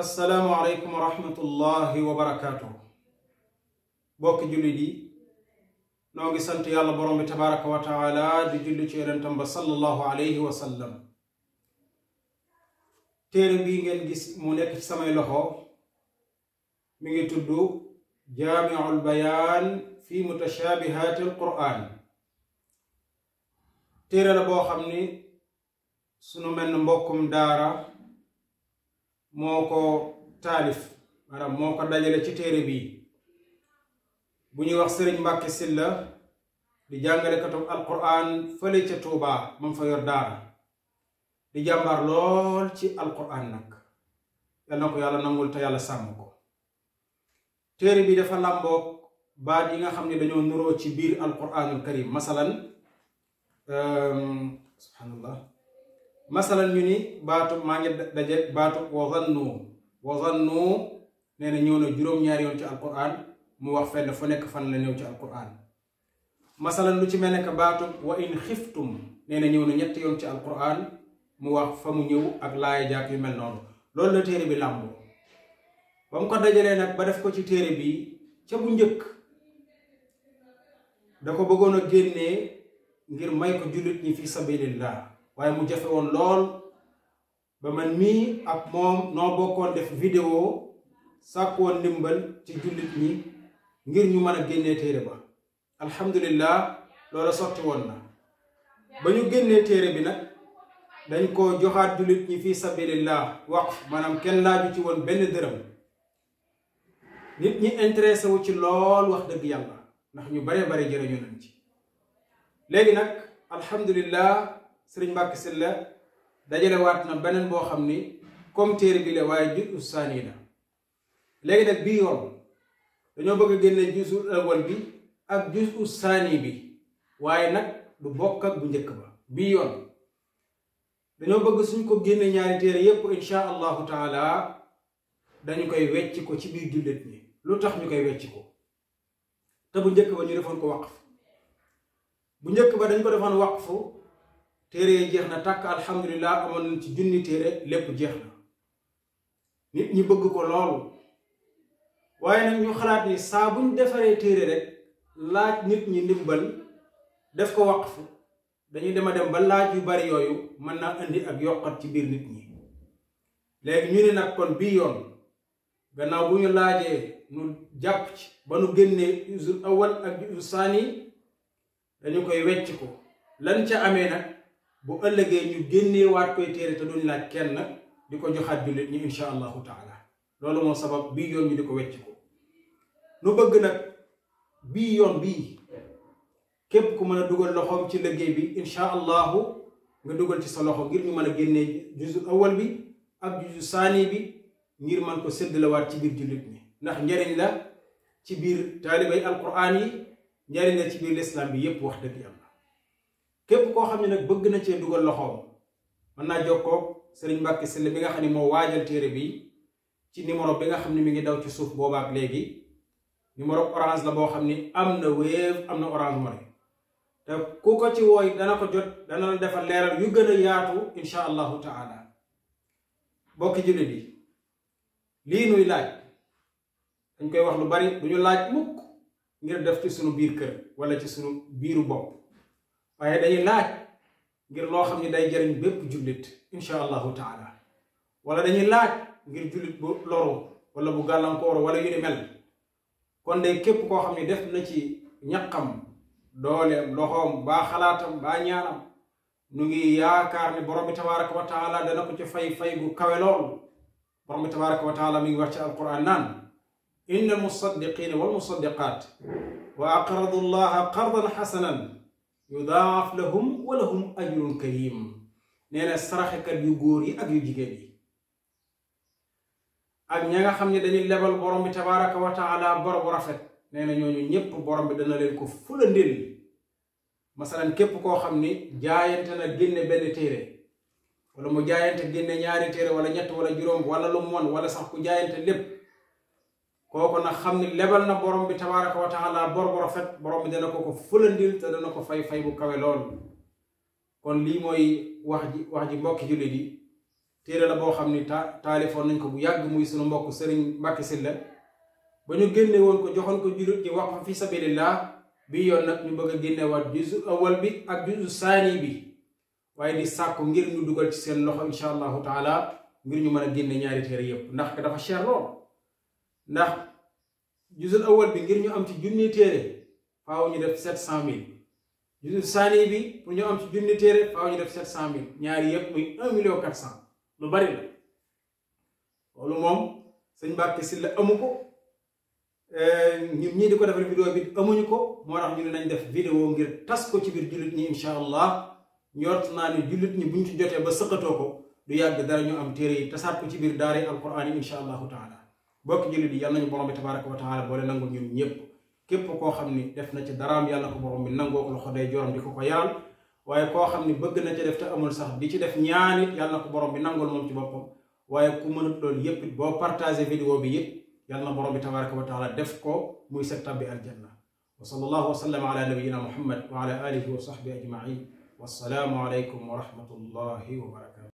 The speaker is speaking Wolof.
assalaamu aleykum wa rahmatullahi wa barakaatu bokki jullit yi noo ngi sant yàlla borom bi tabaraka wa taala di julli ci yonentam ba alayhi wa sallam téere bii ngeen mu nekk samay loxo mi ngi tudd jaamiul bayaan fi mutashaabihaati alquraan téere la boo xam ni sunu menn mbokkum daara moo ko taalif moo ko dajale ci téere bi bu ñuy wax sëriñ Mbàkke Silla di jàngalekatu alquran fële ca Tuubaa moom fa yor daara di jàmbaar lool ci alquran nag yal na ko yàlla nangul te yàlla sàmm ko téere bi dafa làmboog baat yi nga xam ne dañoo nuroo ci biir alquranul karim masalan euh, subhanallah masalan ñu ni baatu maa ngi daje baatu wazannu wazannu nee na ñëw na juróom-ñaari yoon ci alquran mu wax fenn fu nekk fan la ñëw ci alquran lu ci mel ne que baatu wa in nee na ñëw na ñetti yoon ci alquran mu wax fa mu ñëw ak laaya jaak yu mel noonu loolu la téere bi làmboo ba mu ko dajalee nag ba def ko ci téere bi ca bu njëkk da ko bëggoon a génnee ngir may ko jullit ñi fi sabilillah waaye mu jafe woon lool ba man mii ak moom noo bokkoon def vidéo sàkk woon ndimbal ci jullit ñi ngir ñu mën a génnee téere ba alhamdulillah loola sotti woon na ba ñu génnee téere bi nag dañ ko joxaat jullit ñi fii sabilillah wax maanaam kenn laaju ci woon benn dërëm nit ñi intéressé wu ci lool wax dëgg yàlla ndax ñu bare bare jërëñu nañ ci léegi nag alhamdulillah sëriñ Mbàkke Sylla dajale waat na beneen boo xam ni comme téere bi la waaye juzu saani la léegi nag bii yoon dañoo bëgg a génne juzu awal bi ak juzu saani bi waaye nag du bokk ak bu njëkk ba bii yoon dañoo bëgg suñ ko génne ñaari téere yépp insha allahu taala dañu koy wecc ko ci biir jullit ñi lu tax ñu koy wecc ko te bu njëkk ba ñu defoon ko waqf bu njëkk ba dañ ko defoon waqfu téere yi jeex na tàkk alhamdulilah amoon nañ ci junni téere lépp jeex na nit ñi bëgg ko loolu waaye nag ñu xalaat ni saa buñ defaree téere rek laaj nit ñi ndimbal def ko waqf dañuy dema dem ba laaj yu bari yooyu mën naa indi ak yokkat ci biir nit ñi léegi ñu ne nag kon bii yoon gannaaw bu ñu laajee nu jàpp ci ba nu génnee juzul awal ak saani dañu koy wecc ko lan ca amee nag bu ëllëgee ñu génneewaat koy téere te duñ laaj kenn di ko joxaat jullit ñi insha allahu taala loolu moo sabab bii yoon ñu di ko wecc ko nu bëgg nag bii yoon bii képp ku mën a dugal loxoom ci liggéey bi insha allahu nga dugal ci sa loxo ngir ñu mën a génnee juzu awal bi ak juzu saani bi ngir man ko séddalewaat ci biir jullit ñi ndax njariñ la ci biir taalibay alquran yi njariñ la ci biir lislaam bi yépp wax dëgg am képp koo xam ne nag bëgg na cee dugal loxoom mën naa jokkoo sëriñ Mbàkke Sylla bi nga xam ne moo waajal téere bi ci numéro bi nga xam ne mi ngi daw ci suuf boobaak léegi numéro orange la boo xam ni am na Wave am na Orange Money te ku ko ci wooy dana ko jot dana la defal leeral yu gën a yaatu insha allahu taala bokki jullit bi lii nuy laaj dañ koy wax lu bari du ñu laaj mukk ngir def ci sunu biir kër wala ci sunu biiru bopp waaye day laaj ngir loo xam ne day jariñ bépp jullit incha allahu taala wala dañuy laaj ngir jullit bu loru wala bu gàllankoor wala yu ni mel kon day képp koo xam ne def na ci ñaqam dooleem loxoom baa xalaatam baa ñaanam nu ngi yaakaar ne borom bi tabaraka wa taala dana ko ci fay-fay gu kawe lool borom bi tabaraka wa taala mi ngi wax ci alquran naan inna almusaddiqina walmusaddiqat wa aqradu allaha qardan xasanan yudaaf lahum wa lahum ajrun karim nee na saraxekat yu góor yi ak yu jigéen yi ak ña nga xam ni dañuy lebal borom bi tabaaraka wa taala bor bu rafet nee na ñooñu ñépp borom bi dana leen ko fulandil masalan képp koo xam ni jaayante na génne benn téere wala mu jaayante génne ñaari téere wala ñett wala juróom wala lu mu won wala sax ku jaayante lépp kooku nag xam ni lebal na borom bi tabaraka wa taala bor rafet borom bi dana ko ko fëlandil te dana ko fay-fay bu kawe lool kon lii mooy wax ji wax ji mbokki jullit yi téere la boo xam ni ta taalifoon nañ ko bu yàgg muy sunu mbokk Serigne Mbacké Sylla ba ñu génne woon ko joxoon ko jullit ñi wax fa fi sabilillah bi yoon nag ñu bëgg a génneewaat juzu awal bi ak juzu saani bi waaye di sàkku ngir ñu dugal ci seen loxo incha allahu taala ngir ñu mën a génne ñaari téere yépp ndax dafa cher lool ndax jusul awal bi ngir ñu am ci junni téere faaw ñu def sept cent mille sa saani bi pour ñu am ci junni téere faaw ñu def sept cent mille ñaari yëpp muy un lu bari la moom sëñ Mbàkke Sylla amu ko eh, ñun ñii di ko defal vidéo bi amuñu ko moo tax ñu ne nañ def vidéo ngir tas ko ci biir jullit ñi incha allah ñort naa ne jullit ñi buñ ci jotee ba sëqatoo ko du yàgg dara ñu am téere yi tasaat ko ci biir daara yi alquran yi incha allahu taala bokki jullit yi yàlla nañu borom bi tabaraka wa taala boole nangul ñun ñëpp képp koo xam ni def na ci daraam yàlla ko borom bi nangoo ko loxo day joram di ko ko yaral waaye koo xam ni bëgg na ci def te amul sax di ci def ñaanit yàlla ko borom bi nangul moom ci boppam waaye ku mënut loolu yépp it boo partagé vidéo bi it yàlla na borom bi tabaraka wa taala def ko muy sa tabbi aljanna wa sallallahu wa sallam ala nabiyina muhammad wa ala alihi wa sahbi ajmain wassalaamu wa rahmatullahi